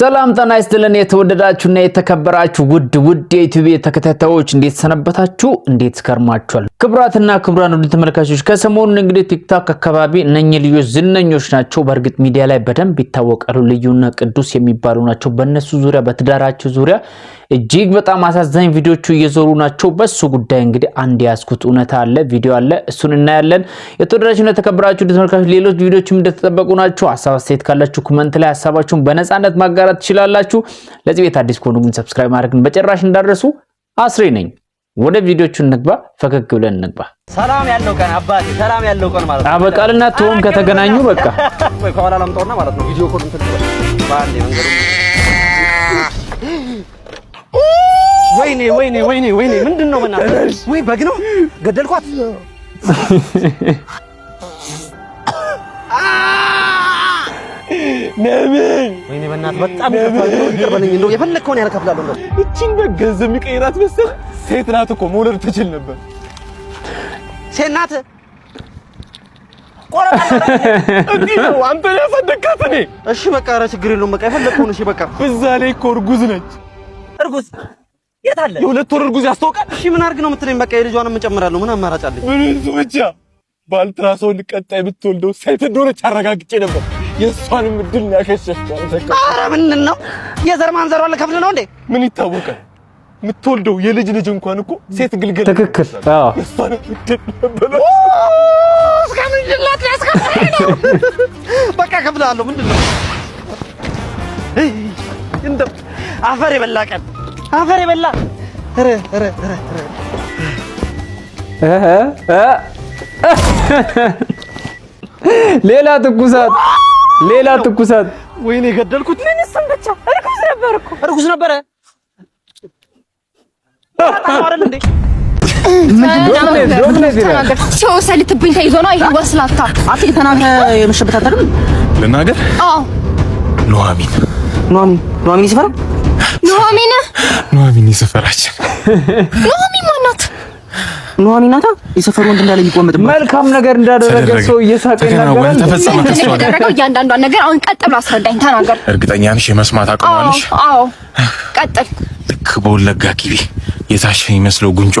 ሰላም ጠና ይስጥልን። የተወደዳችሁና የተከበራችሁ ውድ ውድ የዩቲዩብ ተከታታዮች እንዴት ሰነበታችሁ? እንዴት ከርማችኋል? ክብራትና ክቡራን ውድ ተመልካቾች ከሰሞኑን እንግዲህ ቲክቶክ አካባቢ እነኚህ ልጆች ዝነኞች ናቸው። በእርግጥ ሚዲያ ላይ በደንብ ይታወቃሉ። ልዩና ቅዱስ የሚባሉ ናቸው። በእነሱ ዙሪያ በትዳራቸው ዙሪያ እጅግ በጣም አሳዛኝ ቪዲዮቹ እየዞሩ ናቸው። በሱ ጉዳይ እንግዲህ አንድ ያስኩት እውነታ አለ፣ ቪዲዮ አለ፣ እሱን እናያለን። የተወደዳችሁና የተከበራችሁ ተመልካቾች ሌሎች ቪዲዮችም እንደተጠበቁ ናቸው። ሀሳብ አስተያየት ካላችሁ ኮመንት ላይ ሀሳባችሁን በነፃነት ማጋራት ትችላላችሁ። ለዚህ ቤት አዲስ ከሆኑ ግን ሰብስክራይብ ማድረግን በጭራሽ እንዳደረሱ አስሬ ነኝ። ወደ ቪዲዮቹ እንግባ፣ ፈገግ ብለን እንግባ። ሰላም ያለው ቀን አባቴ፣ ሰላም ያለው ቀን ማለት ነው። አበቃልና ቶም ከተገናኙ በቃ ወይ ከኋላ ላምጣውና ማለት ነው ቪዲዮ ኮል እንትን ባንዴ መንገዱ ወይኔ ወይኔ ወይኔ ወይኔ፣ ምንድን ነው በእናትህ? ወይ በግ ነው ገደልኳት። ነብኝ ወይኔ በእናትህ በጣም ይቀርበልኝ። እንደው የፈለግከውን ያህል እከፍላለሁ። እንደው እቺን በግ ገንዘብ የሚቀይራት መሰለህ? ሴት ናት እኮ መውለድ ትችል ነበር። ሴት ናት። አንተ ያሳደግካት እኔ። እሺ በቃ ኧረ ችግር የለውም በቃ የፈለግከውን። እሺ በቃ በዛ ላይ እኮ እርጉዝ ነች እርጉዝ የት አለ? የሁለት ወር እርጉዝ ያስታውቃል። እሺ ምን አድርግ ነው የምትለኝ? በቃ የልጇንም እጨምራለሁ። ምን አማራጭ አለኝ? ምን እሱ ብቻ ባልትራሶን ቀጣይ ብትወልደው ሴት እንደሆነች አረጋግጬ ነበር። የእሷንም እድል ያከሸፍቷል። አረ ምን ነው የዘር ማንዘሯን ልከፍል ነው እንዴ? ምን ይታወቃል? የምትወልደው የልጅ ልጅ እንኳን እኮ ሴት ግልገል። ትክክል። የእሷንም እድል ነበረ ነው። በቃ ከፍላለሁ። ምንድን ነው እንደው አፈር የበላ ቀን አፈር የበላ ሌላ ትኩሳት ሌላ ትኩሳት። ወይኔ ገደልኩት። ምን እሱን ብቻ እርኩስ ነበር እኮ እርኩስ ነበረ። ሰው ሰልትብኝ ተይዞ ነው። ይሄ ወስላታ አጥቂ ተናገር የመሸበት አይደለም። ልናገር? አዎ ኑሐሚን ኑሐሚን ኑሐሚን ይስፈራ ኑሐሚን ኑሐሚን የሰፈራችን ኑሐሚን ማናት? ኑሐሚን ናታ የሰፈሩ ወንድ እንዳለ መልካም ነገር እንዳደረገ ሰው እየሳቀ ይናገራል። ተፈጸመ እያንዳንዷን ነገር አሁን ቀጥ አስረዳኝ፣ ተናገር። እርግጠኛ ነሽ የመስማት አዎ። ቀጥል። ልክ በወለጋ ቂቤ የታሸ ይመስለው ጉንጯ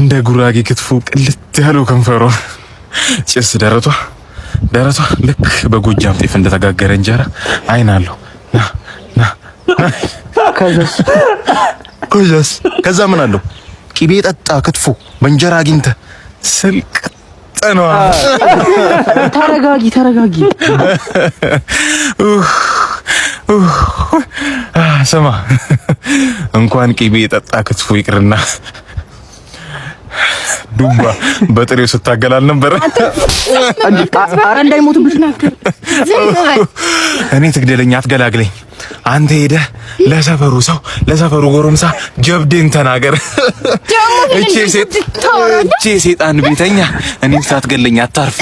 እንደ ጉራጌ ክትፎ ቅልት ያለው ከንፈሯ ጭስ ደረቷ ደረቷ ልክ በጎጃም ጤፍ እንደተጋገረ እንጀራ አይን አለው። ከዛስ ከዛ ምን አለው? ቂቤ ጠጣ ክትፎ በእንጀራ አግኝተ ስልክ ነው። ተረጋጊ ተረጋጊ። ስማ እንኳን ቂቤ የጠጣ ክትፎ ይቅርና ዱባ በጥሬው ስታገላል አልነበረ? እንዳይሞትብሽ እኔ ትግደለኛ፣ አትገላግለኝ አንተ ሄደህ ለሰፈሩ ሰው ለሰፈሩ ጎረምሳ ጀብዴን ተናገር። እቺ ሴት እቺ ቤተኛ እኔም ሳትገለኝ አታርፍ።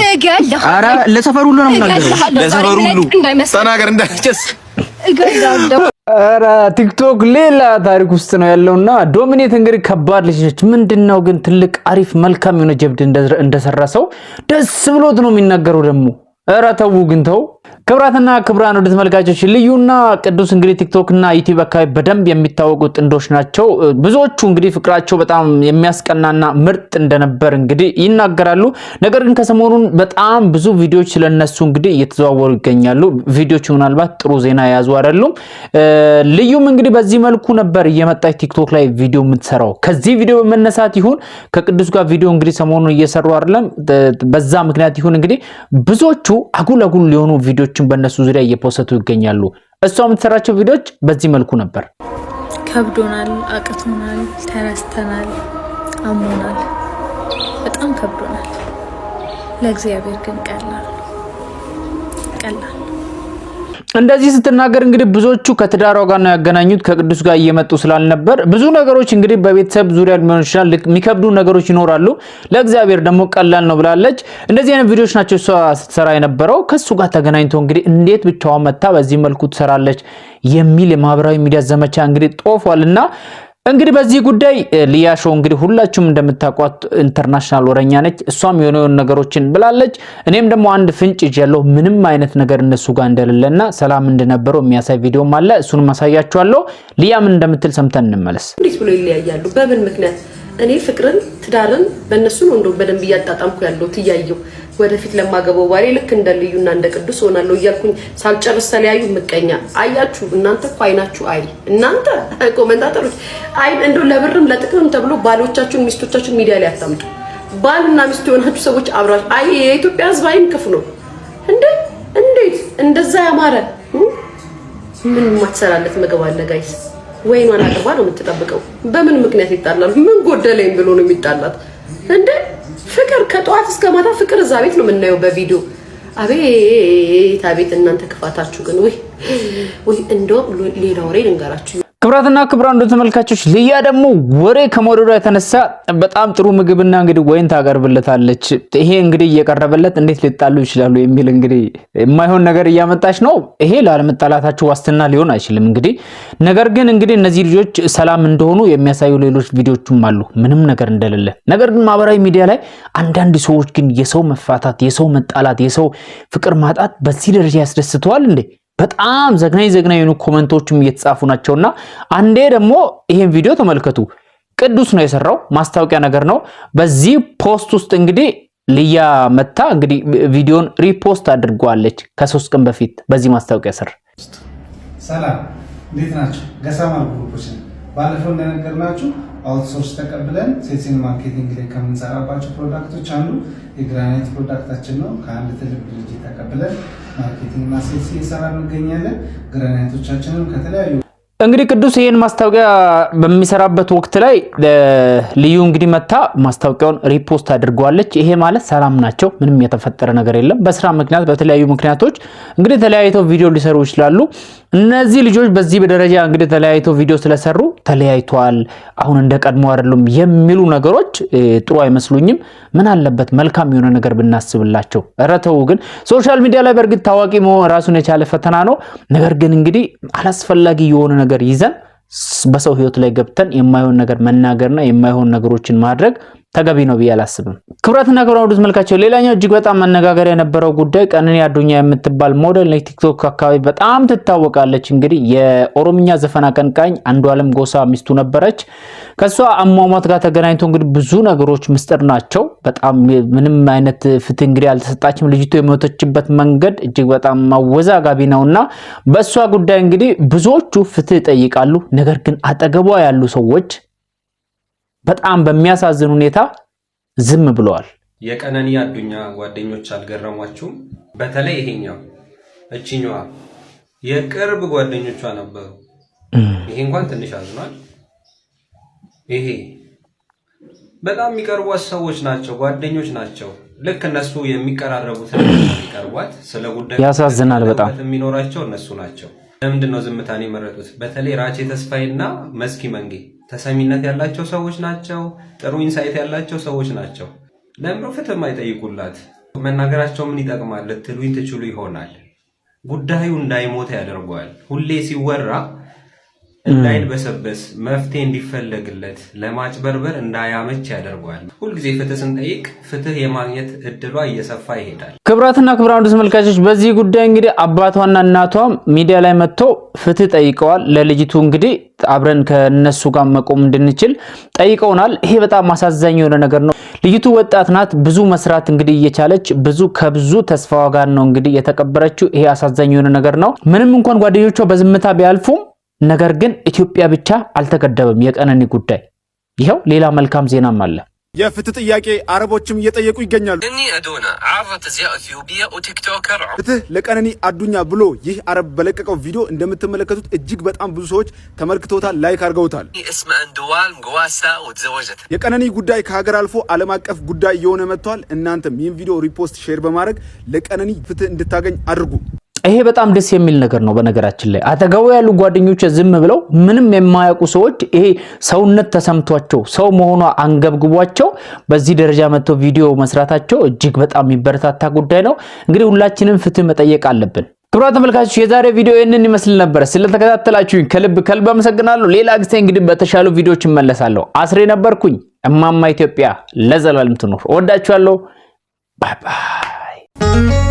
ኧረ ለሰፈሩ ሁሉ ነው የምናገረው። ለሰፈሩ ሁሉ ተናገር እንዳይጨስ። ኧረ ቲክቶክ ሌላ ታሪክ ውስጥ ነው ያለውና ዶሚኔት እንግዲህ ከባድ ልጅ ነች። ምንድነው ግን ትልቅ አሪፍ መልካም የሆነ ጀብድ እንደሰራ ሰው ደስ ብሎት ነው የሚናገረው ደግሞ። ኧረ ተው ግን ተው ክብራትና ክብራን ወደ ተመልካቾች ልዩና ቅዱስ እንግዲህ ቲክቶክና ዩቲዩብ አካባቢ በደንብ የሚታወቁ ጥንዶች ናቸው። ብዙዎቹ እንግዲህ ፍቅራቸው በጣም የሚያስቀናና ምርጥ እንደነበር እንግዲህ ይናገራሉ። ነገር ግን ከሰሞኑን በጣም ብዙ ቪዲዮዎች ስለነሱ እንግዲህ እየተዘዋወሩ ይገኛሉ። ቪዲዮቹ ምናልባት ጥሩ ዜና የያዙ አይደሉም። ልዩም እንግዲህ በዚህ መልኩ ነበር እየመጣች ቲክቶክ ላይ ቪዲዮ የምትሰራው። ከዚህ ቪዲዮ በመነሳት ይሁን ከቅዱስ ጋር ቪዲዮ እንግዲህ ሰሞኑን እየሰሩ አይደለም፣ በዛ ምክንያት ይሁን እንግዲህ ብዙዎቹ አጉል አጉል ሊሆኑ ቪዲዮችን በእነሱ ዙሪያ እየፖሰቱ ይገኛሉ። እሷ የምትሰራቸው ቪዲዎች በዚህ መልኩ ነበር። ከብዶናል፣ አቅቶናል፣ ተነስተናል፣ አሞናል፣ በጣም ከብዶናል። ለእግዚአብሔር ግን ቀላል ቀላል እንደዚህ ስትናገር እንግዲህ ብዙዎቹ ከትዳሯ ጋር ነው ያገናኙት፣ ከቅዱስ ጋር እየመጡ ስላልነበር ብዙ ነገሮች እንግዲህ በቤተሰብ ዙሪያ ሊሆን ይችላል የሚከብዱ ነገሮች ይኖራሉ። ለእግዚአብሔር ደግሞ ቀላል ነው ብላለች። እንደዚህ አይነት ቪዲዮዎች ናቸው እሷ ስትሰራ የነበረው። ከሱ ጋር ተገናኝቶ እንግዲህ እንዴት ብቻዋን መታ በዚህ መልኩ ትሰራለች የሚል የማህበራዊ ሚዲያ ዘመቻ እንግዲህ ጦፏል እና እንግዲህ በዚህ ጉዳይ ሊያሾ እንግዲህ ሁላችሁም እንደምታውቋት ኢንተርናሽናል ወረኛ ነች። እሷም የሆነ የሆኑ ነገሮችን ብላለች። እኔም ደግሞ አንድ ፍንጭ ይዣለሁ፣ ምንም አይነት ነገር እነሱ ጋር እንደሌለና ሰላም እንደነበረው የሚያሳይ ቪዲዮም አለ። እሱንም አሳያችኋለሁ። ሊያ ምን እንደምትል ሰምተን እንመለስ። እንዴት ብሎ ይለያያሉ? በምን ምክንያት እኔ ፍቅርን ትዳርን በእነሱ ነው እንደው በደንብ እያጣጣምኩ ያለሁት እያየሁ ወደፊት ለማገባው ባሌ ልክ እንደ ልዩና እንደ ቅዱስ ሆናለሁ እያልኩኝ ሳልጨርስ ተለያዩ። ምቀኛ አያችሁ እናንተ እኮ አይናችሁ አይ እናንተ ኮመንታተሮች አይ እንደው ለብርም ለጥቅምም ተብሎ ባሎቻችሁን ሚስቶቻችሁን ሚዲያ ላይ አታምጡ። ባልና ሚስት የሆናችሁ ሰዎች አብራችሁ አይ የኢትዮጵያ ሕዝብ አይን ክፉ ነው እንዴ! እንዴት እንደዛ ያማረ ምን ማትሰራለት ምግብ አለ ጋይስ ወይኗን አቅርባ ነው የምትጠብቀው። በምን ምክንያት ይጣላል? ምን ጎደለኝ ብሎ ነው የሚጣላት? እንደ ፍቅር ከጠዋት እስከ ማታ ፍቅር እዛ ቤት ነው የምናየው በቪዲዮ። አቤት አቤት! እናንተ ክፋታችሁ ግን ወይ ወይ! እንደውም ሌላ ወሬ ልንገራችሁ። ክብራትና ክብራን እንደ ተመልካቾች ልያ ደግሞ ወሬ ከመውደዷ የተነሳ በጣም ጥሩ ምግብና እንግዲህ ወይን ታቀርብለታለች። ይሄ እንግዲህ እየቀረበለት እንዴት ሊጣሉ ይችላሉ የሚል እንግዲህ የማይሆን ነገር እያመጣች ነው። ይሄ ላለመጣላታቸው ዋስትና ሊሆን አይችልም። እንግዲህ ነገር ግን እንግዲህ እነዚህ ልጆች ሰላም እንደሆኑ የሚያሳዩ ሌሎች ቪዲዮችም አሉ፣ ምንም ነገር እንደሌለ። ነገር ግን ማህበራዊ ሚዲያ ላይ አንዳንድ ሰዎች ግን የሰው መፋታት፣ የሰው መጣላት፣ የሰው ፍቅር ማጣት በዚህ ደረጃ ያስደስተዋል እንዴ? በጣም ዘግናኝ ዘግናኝ የሆኑ ኮመንቶችም እየተጻፉ ናቸውና አንዴ ደግሞ ይሄን ቪዲዮ ተመልከቱ። ቅዱስ ነው የሰራው ማስታወቂያ ነገር ነው። በዚህ ፖስት ውስጥ እንግዲህ ልያ መታ እንግዲህ ቪዲዮን ሪፖስት አድርጓለች ከሶስት ቀን በፊት በዚህ ማስታወቂያ ስር። ሰላም እንዴት ናቸው? ገሳማ ባለፈው እንደነገርናችሁ አውትሶርስ ተቀብለን ሴልስን ማርኬቲንግ ላይ ከምንሰራባቸው ፕሮዳክቶች አንዱ የግራናይት ፕሮዳክታችን ነው። ከአንድ ትልቅ ድርጅት ተቀብለን ማርኬቲንግ እና ሴልስ እየሰራ እንገኛለን። ግራናይቶቻችንም ከተለያዩ እንግዲህ ቅዱስ ይህን ማስታወቂያ በሚሰራበት ወቅት ላይ ልዩ እንግዲህ መታ ማስታወቂያውን ሪፖስት አድርገዋለች። ይሄ ማለት ሰላም ናቸው፣ ምንም የተፈጠረ ነገር የለም። በስራ ምክንያት በተለያዩ ምክንያቶች እንግዲህ ተለያይተው ቪዲዮ ሊሰሩ ይችላሉ። እነዚህ ልጆች በዚህ በደረጃ እንግዲህ ተለያይቶ ቪዲዮ ስለሰሩ ተለያይቷል፣ አሁን እንደ ቀድሞ አይደሉም የሚሉ ነገሮች ጥሩ አይመስሉኝም። ምን አለበት መልካም የሆነ ነገር ብናስብላቸው። ኧረ ተው ግን ሶሻል ሚዲያ ላይ በእርግጥ ታዋቂ መሆን ራሱን የቻለ ፈተና ነው። ነገር ግን እንግዲህ አላስፈላጊ የሆነ ነገር ይዘን በሰው ህይወት ላይ ገብተን የማይሆን ነገር መናገርና የማይሆን ነገሮችን ማድረግ ተገቢ ነው ብዬ አላስብም። ክብራትና ክብራን ወደ መልካቸው ሌላኛው እጅግ በጣም መነጋገር የነበረው ጉዳይ ቀነኒ አዱኛ የምትባል ሞዴል ነች። ቲክቶክ አካባቢ በጣም ትታወቃለች። እንግዲህ የኦሮምኛ ዘፈን አቀንቃኝ አንዱዓለም ጎሳ ሚስቱ ነበረች። ከእሷ አሟሟት ጋር ተገናኝቶ እንግዲህ ብዙ ነገሮች ምስጢር ናቸው። በጣም ምንም አይነት ፍትህ እንግዲህ አልተሰጣችም። ልጅቱ የሞተችበት መንገድ እጅግ በጣም አወዛጋቢ ነውና በእሷ ጉዳይ እንግዲህ ብዙዎቹ ፍትህ ይጠይቃሉ። ነገር ግን አጠገቧ ያሉ ሰዎች በጣም በሚያሳዝን ሁኔታ ዝም ብለዋል። የቀነኒ አዱኛ ጓደኞች አልገረሟችሁም? በተለይ ይሄኛው እችኛዋ የቅርብ ጓደኞቿ ነበሩ። ይሄ እንኳን ትንሽ አዝኗል። ይሄ በጣም የሚቀርቧት ሰዎች ናቸው፣ ጓደኞች ናቸው። ልክ እነሱ የሚቀራረቡትን የሚቀርቧት ስለ ጉዳይ ያሳዝናል። በጣም የሚኖራቸው እነሱ ናቸው። ለምንድን ነው ዝምታን የመረጡት? በተለይ ራቼ ተስፋዬ እና መስኪ መንጌ ተሰሚነት ያላቸው ሰዎች ናቸው። ጥሩ ኢንሳይት ያላቸው ሰዎች ናቸው። ለምሮ ፍትህ ማይጠይቁላት መናገራቸው ምን ይጠቅማል ልትሉኝ ትችሉ ይሆናል። ጉዳዩ እንዳይሞት ያደርገዋል። ሁሌ ሲወራ እንዳይልበሰበስ መፍትሄ እንዲፈለግለት ለማጭበርበር እንዳያመች ያደርገዋል። ሁልጊዜ ፍትህ ስንጠይቅ ፍትህ የማግኘት እድሏ እየሰፋ ይሄዳል። ክብራትና ክብራን ተመልካቾች፣ በዚህ ጉዳይ እንግዲህ አባቷና እናቷም ሚዲያ ላይ መጥቶ ፍትህ ጠይቀዋል። ለልጅቱ እንግዲህ አብረን ከነሱ ጋር መቆም እንድንችል ጠይቀውናል። ይሄ በጣም አሳዛኝ የሆነ ነገር ነው። ልጅቱ ወጣት ናት። ብዙ መስራት እንግዲህ እየቻለች ብዙ ከብዙ ተስፋዋ ጋር ነው እንግዲህ የተቀበረችው። ይሄ አሳዛኝ የሆነ ነገር ነው። ምንም እንኳን ጓደኞቿ በዝምታ ቢያልፉም ነገር ግን ኢትዮጵያ ብቻ አልተገደበም የቀነኒ ጉዳይ። ይኸው ሌላ መልካም ዜናም አለ። የፍትህ ጥያቄ አረቦችም እየጠየቁ ይገኛሉ። ፍትህ ለቀነኒ አዱኛ ብሎ ይህ አረብ በለቀቀው ቪዲዮ እንደምትመለከቱት እጅግ በጣም ብዙ ሰዎች ተመልክተውታል፣ ላይክ አድርገውታል። የቀነኒ ጉዳይ ከሀገር አልፎ ዓለም አቀፍ ጉዳይ እየሆነ መጥቷል። እናንተም ይህን ቪዲዮ ሪፖስት ሼር በማድረግ ለቀነኒ ፍትህ እንድታገኝ አድርጉ። ይሄ በጣም ደስ የሚል ነገር ነው። በነገራችን ላይ አጠገቡ ያሉ ጓደኞች ዝም ብለው ምንም የማያውቁ ሰዎች ይሄ ሰውነት ተሰምቷቸው ሰው መሆኗ አንገብግቧቸው በዚህ ደረጃ መጥተው ቪዲዮ መስራታቸው እጅግ በጣም የሚበረታታ ጉዳይ ነው። እንግዲህ ሁላችንም ፍትህ መጠየቅ አለብን። ክቡራን ተመልካቾች የዛሬ ቪዲዮ ይህንን ይመስል ነበር። ስለተከታተላችሁኝ ከልብ ከልብ አመሰግናለሁ። ሌላ ጊዜ እንግዲህ በተሻሉ ቪዲዮዎች እመለሳለሁ። አስሬ ነበርኩኝ። እማማ ኢትዮጵያ ለዘላለም ትኖር። እወዳችኋለሁ። ባይ ባይ